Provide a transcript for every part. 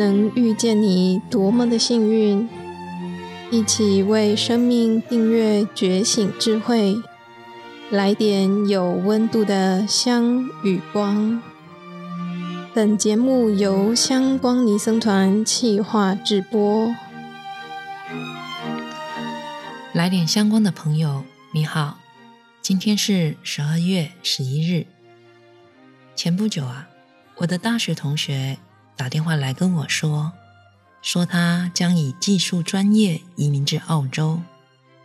能遇見你，多麼的幸運！一起為生命訂閱覺，覺醒智慧，來點有溫度的香與光。本節目由香光尼僧團企劃製播。來點香光的朋友，你好！今天是十二月十一日。前不久啊，我的大學同學。打電話來跟我說，說他將以技術專業移民至澳洲，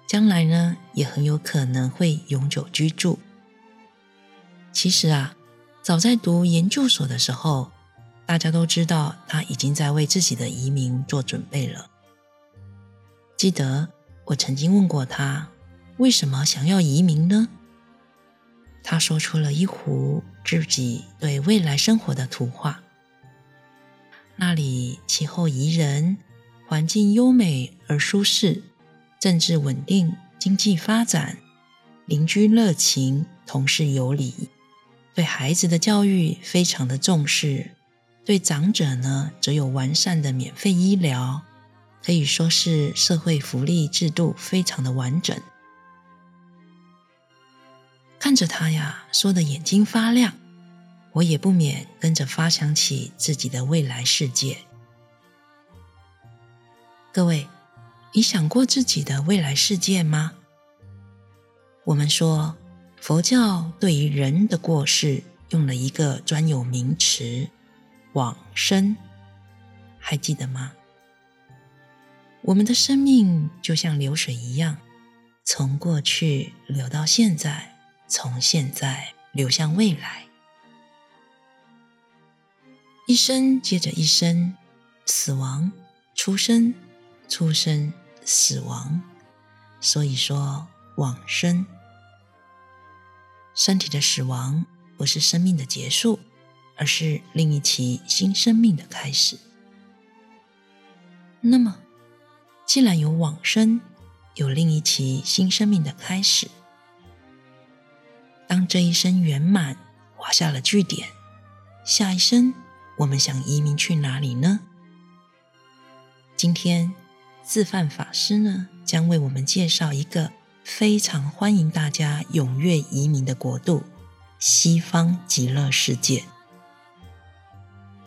將來呢也很有可能會永久居住。其實啊，早在讀研究所的時候，大家都知道他已經在為自己的移民做準備了。記得我曾經問過他，為什麼想要移民呢？他說出了一幅自己對未來生活的圖畫。那裡氣候宜人，環境優美而舒適，政治穩定，經濟發展，鄰居熱情，同事有禮，對孩子的教育非常的重視，對長者呢，則有完善的免費醫療，可以說是社會福利制度非常的完整。看着他呀，說得眼睛發亮。我也不免跟着發想起自己的未來世界。各位，你想過自己的未來世界嗎？我們說佛教對於人的過世用了一個專有名詞“往生”，還記得嗎？我們的生命就像流水一樣，從過去流到現在，從現在流向未來。一生接着一生，死亡、出生、出生、死亡，所以說往生。身體的死亡不是生命的結束，而是另一期新生命的開始。那麼，既然有往生，有另一期新生命的開始，當這一生圓滿，劃下了句點，下一生。我們想移民去哪裡呢？今天自範法師呢，將為我們介紹一個非常歡迎大家踴躍移民的國度——西方極樂世界。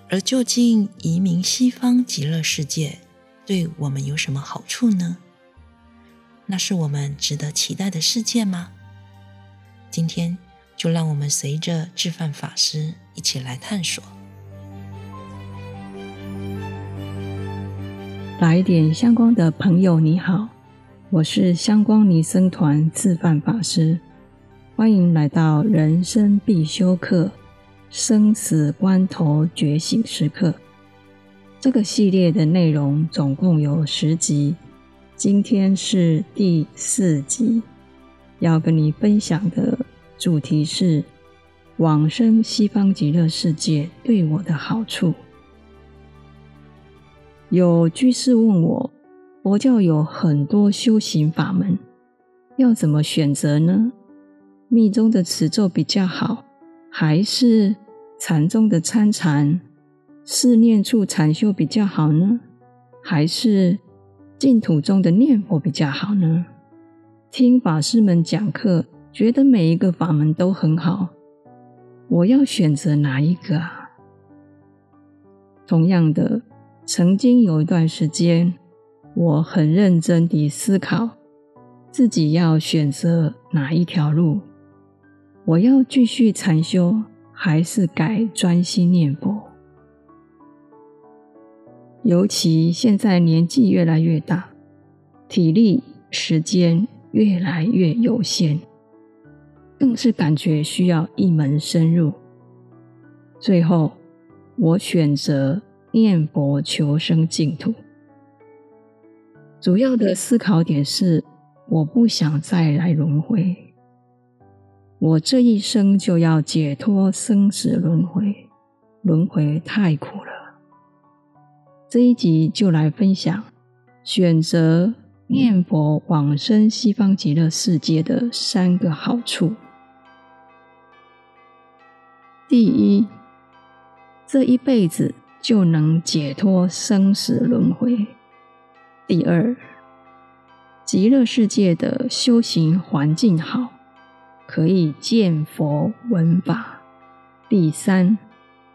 而究竟移民西方極樂世界對我們有什麼好處呢？那是我們值得期待的世界嗎？今天就讓我們隨着自範法師一起來探索。來點香光的朋友，你好，我是香光尼僧團自範法師，歡迎來到人生必修課——生死關頭，覺醒時刻。這個系列的內容總共有十集，今天是第四集，要跟你分享的主題是往生西方極樂世界對我的好處。有居士問我，佛教有很多修行法門，要怎麼選擇呢？密宗的持咒比較好，還是禪宗的參禪、四念處禪修比較好呢？還是淨土中的念佛比較好呢？聽法師們講課，覺得每一個法門都很好，我要選擇哪一個啊？同樣的。曾經有一段時間，我很認真地思考自己要選擇哪一條路。我要繼續禪修，還是改專心念佛？尤其現在年紀越來越大，體力、時間越來越有限，更是感覺需要一門深入。最後，我選擇。念佛求生淨土，主要的思考點是：我不想再來輪迴，我這一生就要解脫生死輪迴，輪迴太苦了。這一集就來分享選擇念佛往生西方極樂世界的三個好處。第一，這一輩子就能解脫生死輪迴。第二，極樂世界的修行環境好，可以見佛聞法。第三，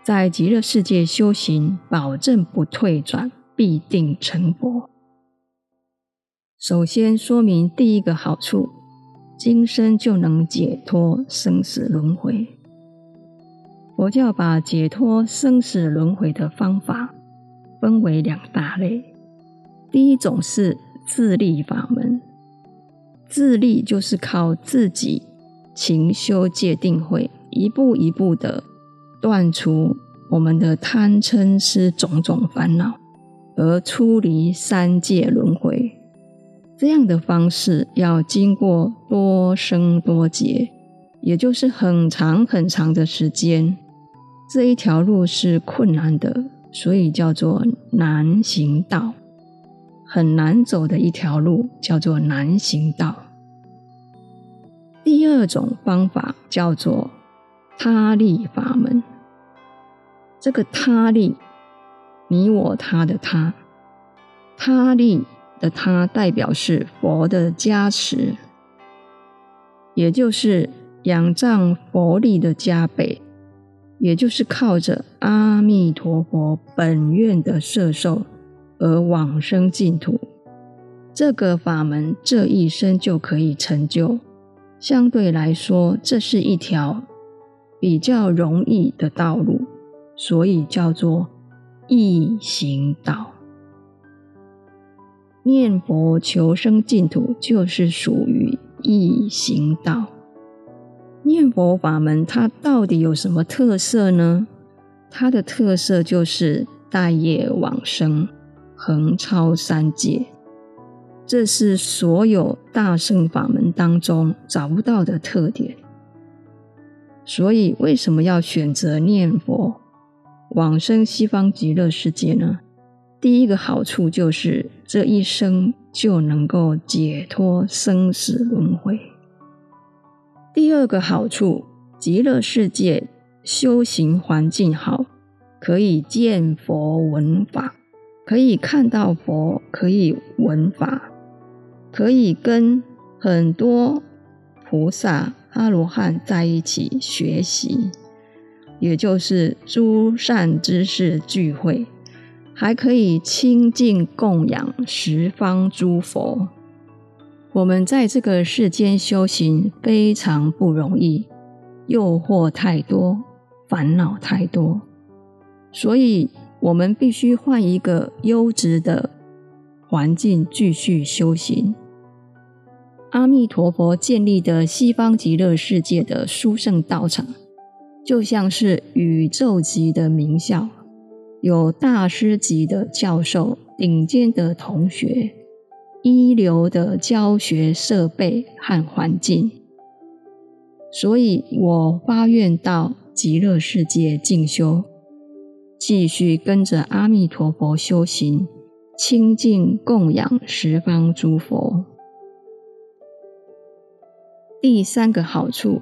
在極樂世界修行，保證不退轉，必定成佛。首先說明第一個好處，今生就能解脫生死輪迴。佛教把解脫生死輪迴的方法分為兩大類，第一種是自力法門，自力就是靠自己勤修戒定慧，一步一步的斷除我們的貪嗔癡種種煩惱，而出離三界輪迴。這樣的方式要經過多生多劫，也就是很長很長的時間。這一條路是困難的，所以叫做難行道，很難走的一條路，叫做難行道。第二種方法叫做他力法門，這個他力，你我他的他，他力的他代表是佛的加持，也就是仰仗佛力的加被。也就是靠着阿彌陀佛本願的攝受而往生淨土，這個法門這一生就可以成就。相對來說，這是一條比較容易的道路，所以叫做易行道。念佛求生淨土就是屬於易行道。念佛法門，它到底有什麼特色呢？它的特色就是帶業往生，橫超三界，這是所有大聖法門當中找不到的特點。所以，為什麼要選擇念佛，往生西方極樂世界呢？第一個好處就是這一生就能夠解脫生死輪迴。第二個好處，極樂世界修行環境好，可以見佛聞法，可以看到佛，可以聞法，可以跟很多菩薩、阿羅漢在一起學習，也就是諸善知識聚會，還可以親近供養十方諸佛。我們在這個世間修行非常不容易，誘惑太多，煩惱太多，所以我們必須換一個優質的環境繼續修行。阿彌陀佛建立的西方極樂世界的殊勝道場，就像是宇宙級的名校，有大師級的教授，頂尖的同學。一流的教學設備和環境，所以我發願到極樂世界進修，繼續跟着阿彌陀佛修行，清淨供養十方諸佛。第三個好處，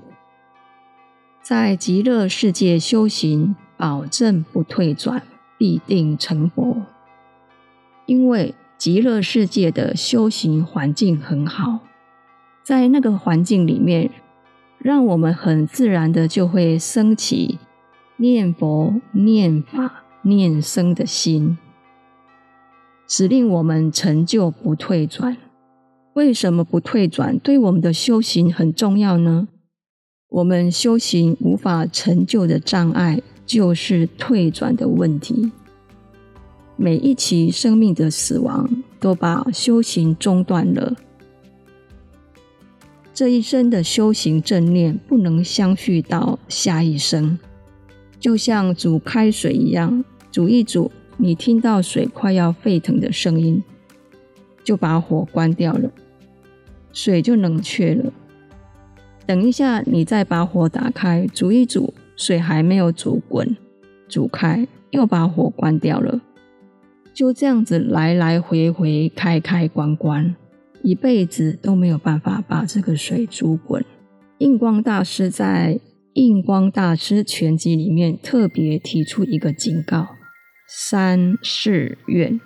在極樂世界修行，保證不退轉，必定成佛，因為。極樂世界的修行環境很好，在那個環境裡面，讓我們很自然的就會升起念佛、念法、念僧的心，指令我們成就不退轉。為什麼不退轉對我們的修行很重要呢？我們修行無法成就的障礙，就是退轉的問題。每一期生命的死亡，都把修行中斷了。這一生的修行正念不能相續到下一生，就像煮開水一樣，煮一煮，你聽到水快要沸騰的聲音，就把火關掉了，水就冷卻了。等一下，你再把火打開，煮一煮，水還沒有煮滾，煮開，又把火關掉了。就這樣子來來回回開開關關，一輩子都沒有辦法把這個水煮滾。印光大師在《印光大師全集》裡面特別提出一個警告：三世怨，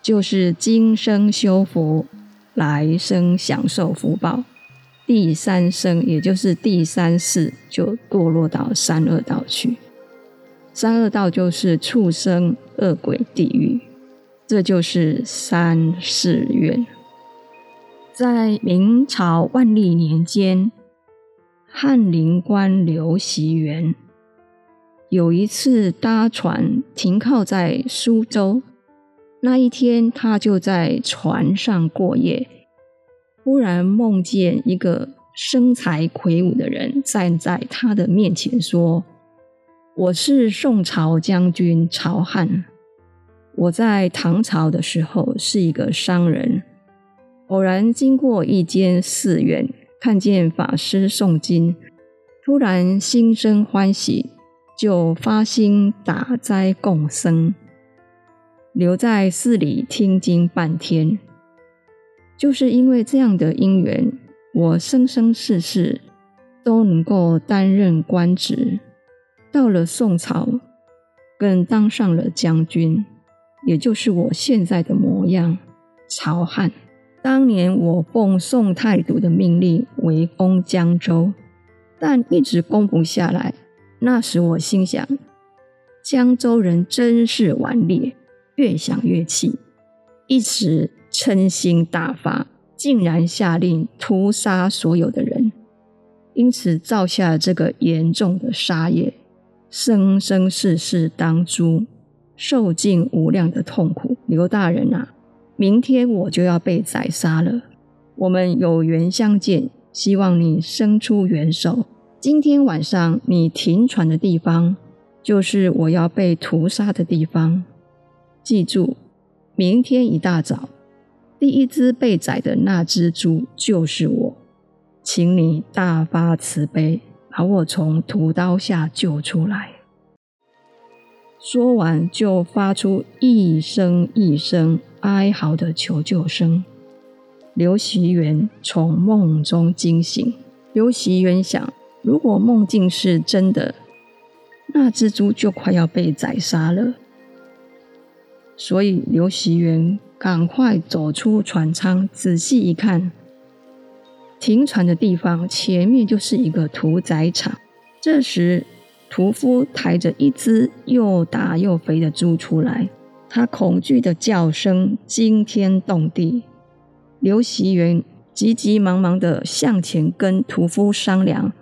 就是今生修福，來生享受福報，第三生也就是第三世就墮落到三惡道去。三惡道就是畜生。惡鬼地獄，這就是三世怨。在明朝萬曆年間，翰林官劉襲元有一次搭船停靠在蘇州，那一天他就在船上過夜。忽然夢見一個身材魁梧的人站在他的面前，說：“我是宋朝將軍曹翰。”我在唐朝的時候是一個商人，偶然經過一間寺院，看見法師誦經，突然心生歡喜，就發心打齋供僧，留在寺裡聽經半天。就是因為這樣的因緣，我生生世世都能夠擔任官職，到了宋朝，更當上了將軍。也就是我現在的模樣，曹翰，當年我奉宋太祖的命令圍攻江州，但一直攻不下來。那時我心想，江州人真是頑劣，越想越氣，一時嗔心大發，竟然下令屠殺所有的人，因此造下了這個嚴重的殺業，生生世世當豬。受盡無量的痛苦。劉大人啊，明天我就要被宰殺了。我們有緣相見，希望你伸出援手。今天晚上你停船的地方，就是我要被屠殺的地方。記住，明天一大早，第一隻被宰的那隻豬就是我，請你大發慈悲，把我從屠刀下救出來。說完，就發出一聲一聲哀嚎的求救聲。劉習元從夢中驚醒。劉習元想：如果夢境是真的，那隻豬就快要被宰殺了。所以，劉習元趕快走出船艙，仔細一看，停船的地方前面就是一個屠宰場。這時，屠夫抬着一隻又大又肥的豬出來，他恐懼的叫聲驚天動地。劉喜元急急忙忙地向前跟屠夫商量。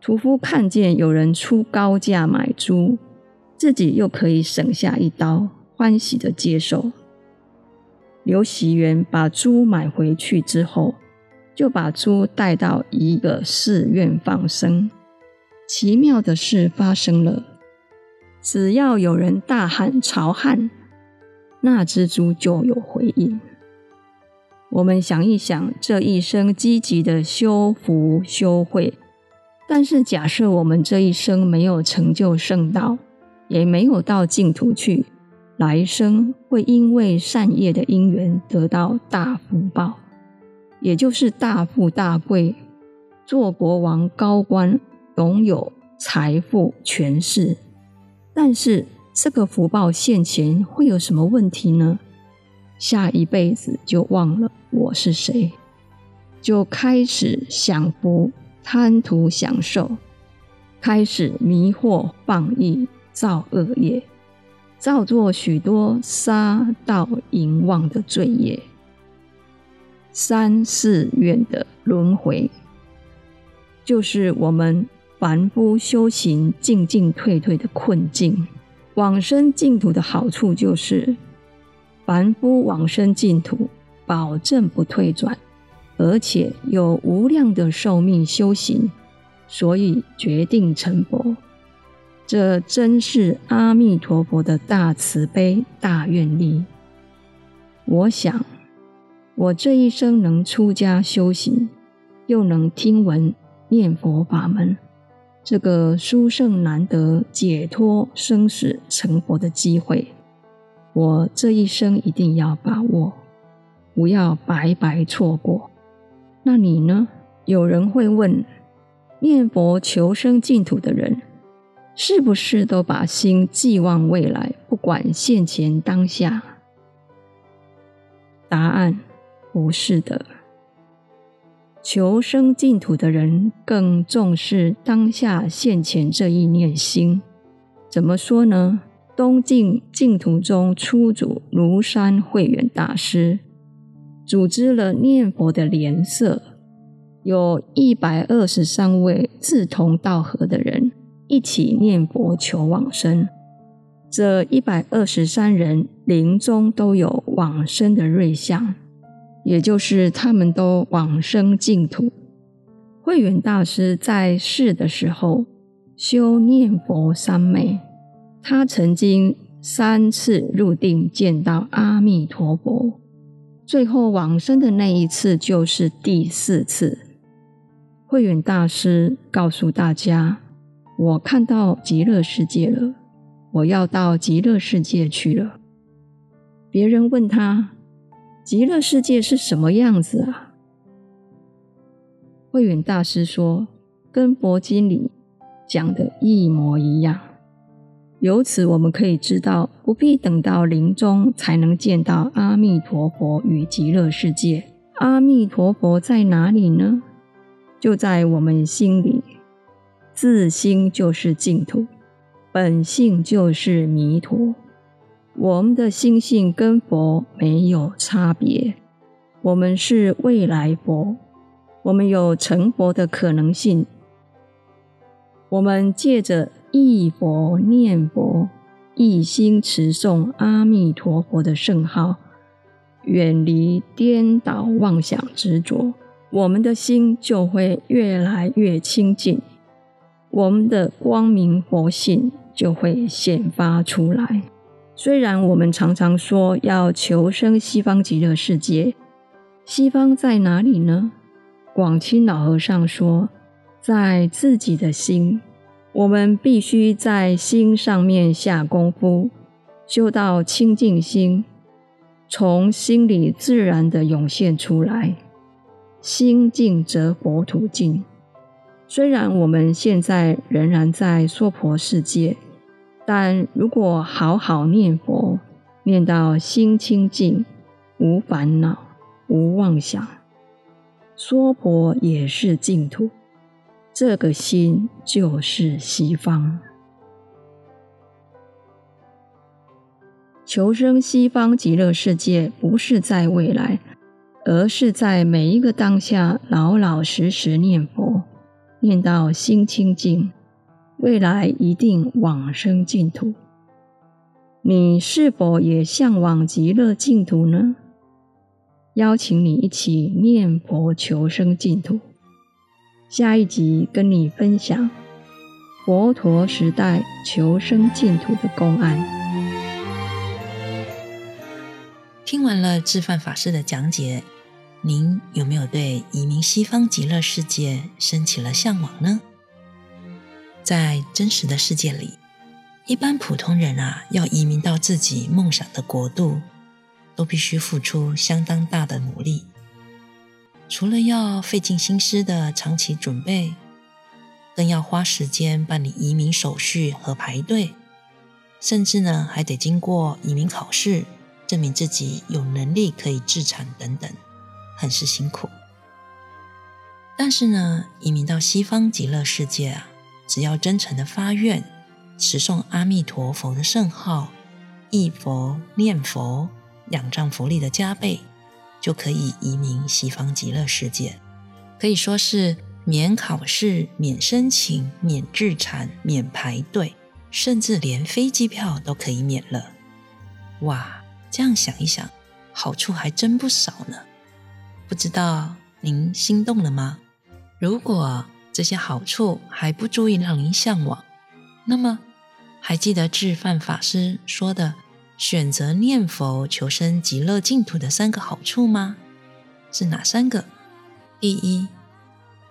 屠夫看見有人出高價買豬，自己又可以省下一刀，歡喜地接受。劉喜元把豬買回去之後，就把豬帶到一個寺院放生。奇妙的事發生了，只要有人大喊“朝漢”，那蜘蛛就有回應。我們想一想，這一生積極的修福修慧，但是假設我們這一生沒有成就聖道，也沒有到淨土去，來生會因為善業的因緣得到大福報，也就是大富大貴，做國王高官。擁有財富權勢，但是這個福報現前會有什麼問題呢？下一輩子就忘了我是誰，就開始享福、貪圖享受，開始迷惑、放逸、造惡業，造作許多殺盜淫妄的罪業，三世怨的輪迴，就是我們凡夫修行進進退退的困境。往生淨土的好處就是，凡夫往生淨土保證不退轉，而且有無量的壽命修行，所以決定成佛。這真是阿彌陀佛的大慈悲大願力。我想，我這一生能出家修行，又能聽聞念佛法門。這個殊勝難得解脫生死成佛的機會，我這一生一定要把握，不要白白錯過。那你呢？有人會問，念佛求生淨土的人，是不是都把心寄望未來，不管現前當下？答案不是的。求生淨土的人更重視當下現前這一念心。怎麼說呢？東晉淨土宗初祖廬山慧遠大師，組織了念佛的蓮社，有一百二十三位志同道合的人一起念佛求往生。這一百二十三人臨終都有往生的瑞相。也就是他們都往生淨土。慧遠大師在世的時候修念佛三昧，他曾經三次入定見到阿彌陀佛，最後往生的那一次就是第四次。慧遠大師告訴大家：“我看到極樂世界了，我要到極樂世界去了。”別人問他。極樂世界是什麼樣子啊？慧遠大師說，跟佛經裡講的一模一樣。由此我們可以知道，不必等到臨終才能見到阿彌陀佛與極樂世界。阿彌陀佛在哪裡呢？就在我們心裡，自心就是淨土，本性就是彌陀。我們的心性跟佛沒有差別，我們是未來佛，我們有成佛的可能性。我們借着憶佛念佛，一心持誦阿彌陀佛的聖號，遠離顛倒妄想執着，我們的心就會越來越清淨，我們的光明佛性就會顯發出來。雖然我們常常說要求生西方極樂世界，西方在哪裡呢？廣欽老和尚說，在自己的心。我們必須在心上面下功夫，修到清淨心，從心裡自然地湧現出來。心淨則國土淨。雖然我們現在仍然在娑婆世界。但如果好好念佛，念到心清淨、無煩惱、無妄想，娑婆也是淨土，這個心就是西方。求生西方極樂世界，不是在未來，而是在每一個當下，老老實實念佛，念到心清淨。未來一定往生淨土。你是否也嚮往極樂淨土呢？邀請你一起念佛求生淨土。下一集跟你分享佛陀時代求生淨土的公案。聽完了自範法師的講解，您有沒有對移民西方極樂世界升起了嚮往呢？在真實的世界裡，一般普通人啊，要移民到自己夢想的國度，都必須付出相當大的努力。除了要費盡心思的長期準備，更要花時間辦理移民手續和排隊，甚至呢，還得經過移民考試，證明自己有能力可以置產等等，很是辛苦。但是呢，移民到西方極樂世界啊。只要真誠的發願，持誦阿彌陀佛的聖號，憶佛念佛，仰仗佛力的加被，就可以移民西方極樂世界。可以說是免考試、免申請、免置產、免排隊，甚至連飛機票都可以免了。哇，這樣想一想，好處還真不少呢。不知道您心動了嗎？如果……這些好處還不足以讓您向往？那麼，還記得自範法師說的選擇念佛求生極樂淨土的三個好處嗎？是哪三個？第一，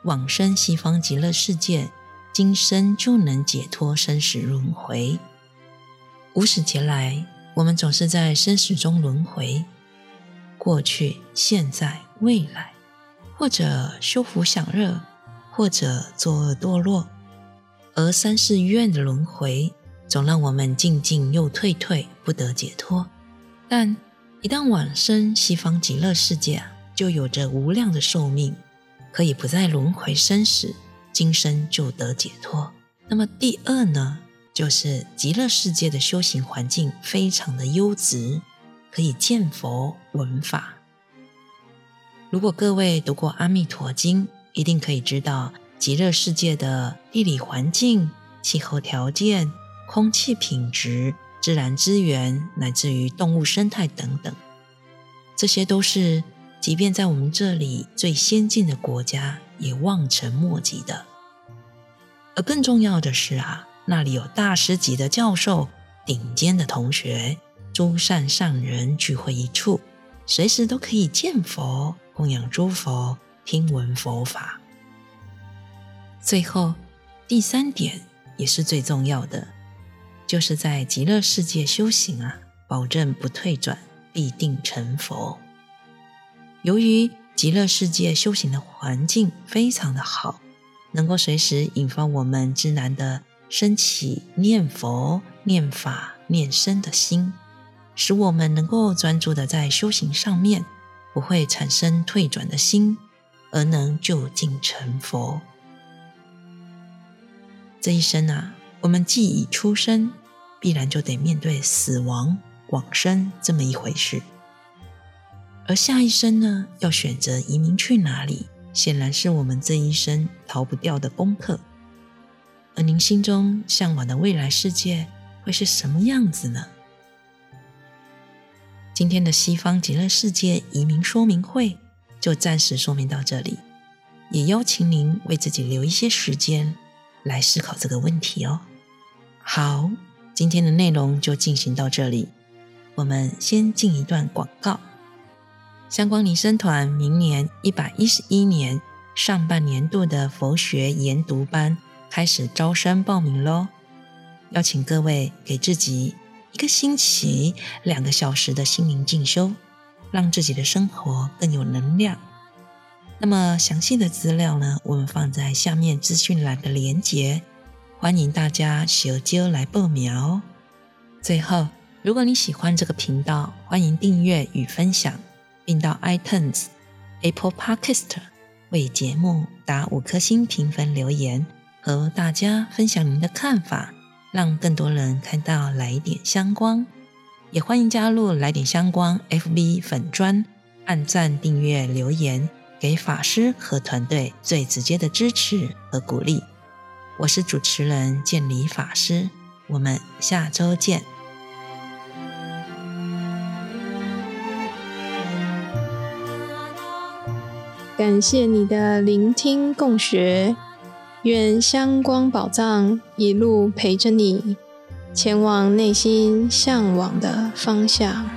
往生西方極樂世界，今生就能解脫生死輪迴。無始劫來，我們總是在生死中輪迴，過去、現在、未來，或者修福享樂。或者作惡墮落，而三世怨的輪迴，總讓我們進進又退退，不得解脫。但一旦往生西方極樂世界，就有着無量的壽命，可以不再輪迴生死，今生就得解脫。那麼第二呢，就是極樂世界的修行環境非常的優質，可以見佛聞法。如果各位讀過《阿彌陀經》，一定可以知道極樂世界的地理環境、氣候條件、空氣品質、自然資源，乃至於動物生態等等，這些都是即便在我們這裡最先進的國家也望塵莫及的。而更重要的是啊，那裡有大師級的教授、頂尖的同學，諸善上人聚會一處，隨時都可以見佛、供養諸佛。聽聞佛法，最後第三點也是最重要的，就是在極樂世界修行啊，保證不退轉，必定成佛。由於極樂世界修行的環境非常的好，能夠隨時引發我們之難的升起念佛、念法、念身的心，使我們能夠專注地在修行上面，不會產生退轉的心。而能究竟成佛，這一生啊，我們既已出生，必然就得面對死亡、往生這麼一回事；而下一生呢，要選擇移民去哪裡，顯然是我們這一生逃不掉的功課。而您心中嚮往的未來世界會是什麼樣子呢？今天的西方極樂世界移民說明會，就暫時說明到這裡，也邀請您為自己留一些時間來思考這個問題哦。好，今天的內容就進行到這裡，我們先進一段廣告。香光尼僧團明年一百一十一年上半年度的佛學研讀班開始招生報名嘍，邀請各位給自己一個星期兩個小時的心靈進修。讓自己的生活更有能量。那麼詳細的資料呢，我們放在下面資訊欄的連結，歡迎大家研究來報名哦。最後，如果你喜歡這個頻道，歡迎訂閱與分享，並到 iTunes、Apple Podcast 為節目打五顆星評分、留言，和大家分享您的看法，讓更多人看到來點香光。也歡迎加入來點香光 FB 粉專，按讚、訂閱、留言，給法師和團隊最直接的支持和鼓勵。我是主持人建裡法師，我們下周見。感謝你的聆聽共學，願香光寶藏一路陪着你。前往內心向往的方向。